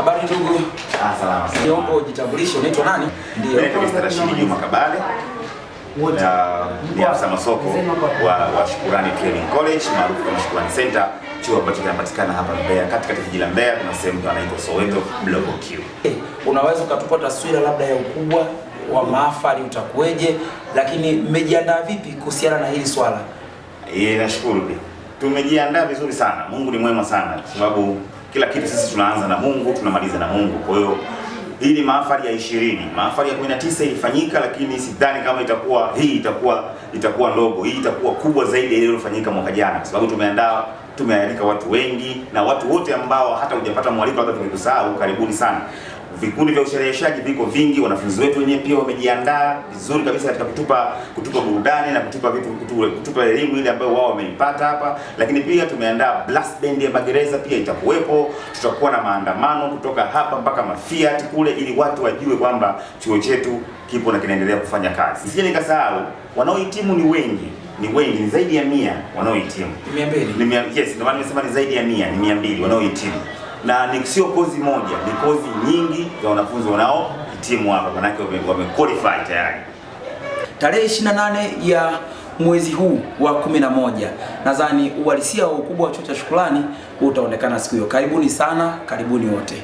Habari ndugu. Ah, salama sana. Niomba ujitambulishe, unaitwa nani? Ndio. Mimi ni Shiri Juma Kabale. Ni afisa masoko wa wa Shukurani Training College maarufu kama Shukurani Center, chuo ambacho kinapatikana hapa Mbeya, katikati jiji la Mbeya, kuna sehemu inaitwa Soweto Block Q. Hey, eh, unaweza ukatupa taswira labda ya ukubwa wa mahafali utakuweje, lakini mmejiandaa vipi kuhusiana na hili swala? Eh, nashukuru. pia. Tumejiandaa vizuri sana. Mungu ni mwema sana kwa sababu kila kitu sisi tunaanza na Mungu, tunamaliza na Mungu. Kwa hiyo hii ni mahafali ya 20. Mahafali ya 19 ilifanyika, lakini sidhani kama itakuwa hii itakuwa itakuwa ndogo. Hii itakuwa kubwa zaidi ile iliyofanyika mwaka jana, kwa sababu tumeandaa tumealika watu wengi na watu wote ambao hata hujapata mwaliko hata tumekusahau, karibuni sana. Vikundi vya ushereheshaji viko vingi, wanafunzi wetu wenyewe pia wamejiandaa vizuri kabisa katika kutupa kutupa burudani na kutupa vitu kutupa elimu ile ambayo wao wameipata hapa, lakini pia tumeandaa blast band ya magereza pia itakuwepo. Tutakuwa na maandamano kutoka hapa mpaka Mafiat kule, ili watu wajue kwamba chuo chetu kipo na kinaendelea kufanya kazi. Sije nikasahau, wanaohitimu ni wengi ni wengi, ni zaidi ya mia wanaohitimu, ni mia mbili. Yes, ndio maana nimesema ni zaidi ya mia, ni mia mbili wanaohitimu na ni sio kozi moja, ni kozi nyingi za wanafunzi wanaohitimu hapa, manake qualify tayari. Tarehe 28 ya mwezi huu wa 11 nadhani uhalisia wa ukubwa wa Chuo cha Shukrani utaonekana siku hiyo. Karibuni sana, karibuni wote.